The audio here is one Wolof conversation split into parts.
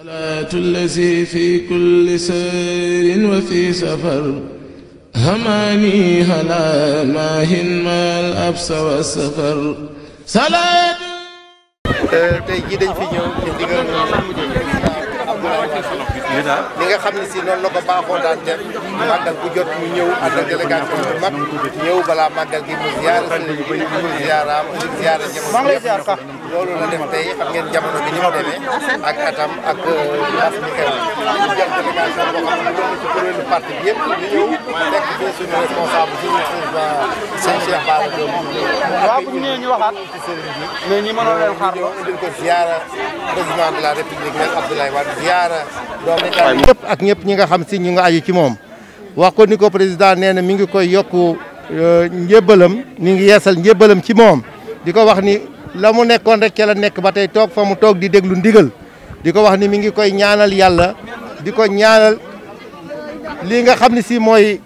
salaatu lazi fi kulli sayrin wa fi safar hamaani halaa maahin maal absa wa safar salaatu tey jii dañ fi ñëw ci ndigal li nga xam ne si noonu la ko baaxoo daan def màggal bu jot mu ñëw ànd a délégation bu mag ñëw balaa màggal gi mu ziyaara sëriñ bi mu ziyaara ziyaara jamono loolu la def tey xam ngeen jamono bi ñu demee ak atam ak euh, as mi xew ñu jël délégation ñu ak ñëpp ñi nga xam si ñu nga aju ci moom wax ko ni ko président nee na mi ngi koy yokku euh, njébbalam mi ngi yeesal njébbalam ci moom di ko wax ni la mu nekkoon rek ca la nekk ba tey toog fa mu toog di déglu ndigal di ko wax ni mi ngi koy ñaanal yàlla di ko ñaanal lii nga xam ne si mooy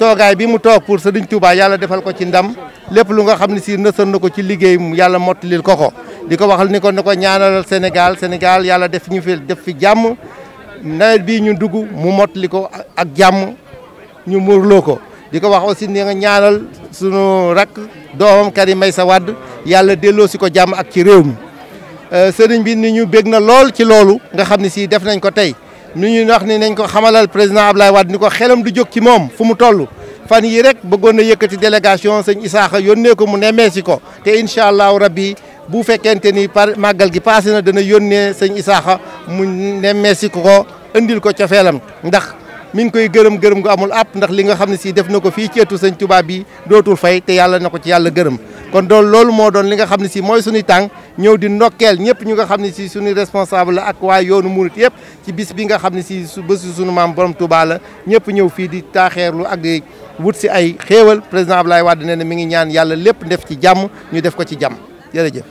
toogaay bi mu toog sa duñ Tuubaa yàlla defal ko ci ndam lépp lu nga xam ne si nësoon na ko ci liggéey yàlla mottalil ko ko di ko waxal ni ko ni ko ñaanalal Sénégal Sénégal yàlla def ñu fi def fi jàmm nawet bii ñu dugg mu mottali ko ak jàmm ñu muurloo ko di ko wax aussi ni nga ñaanal sunu rakk doomam may sa Wade yàlla delloo si ko jàmm ak ci réew mi Euh, sëriñ bi ni ñu bég na lool ci loolu nga xam ne sii def nañ ko tey nu ñu wax ni nañ ko xamalal président Abdoulaye Wade ni ko xelam du jóg ci moom fu mu toll fan yi rek bëggoon na yëkkati délégation sëñ Isaaxa yónnee ko mu nemmee si ko te incha allahu rabbi bu fekkente ni par màggal gi passé na dana yónnee sëñ Isaaxa mu ne si ko indil ko cofeelam ndax mi ngi koy gërëm gërëm gu amul àpp ndax li nga xam ne sii def na ko fii ci ëttu sëñ yi bi dootul fay te yàlla na ko ci yàlla gërëm li nga xam ne si mooy suñuy tàng ñëw di ndokkeel ñëpp ñu nga xam ne si suñu responsable ak waa yoonu murit yëpp ci bis bi nga xam ne si su bésu suñu maam borom Touba la ñëpp ñëw fii di taaxeerlu ak wut si ay xéewal président Abdoulaye Wade nee na mi ngi ñaan yàlla lépp def ci jàmm ñu def ko ci jàmm jërëjëf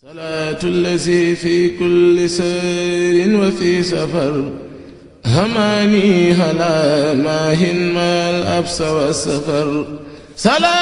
salaatu lazi fi kulli sayrin wa fi safar hamaani hala maahin maal absa wa safar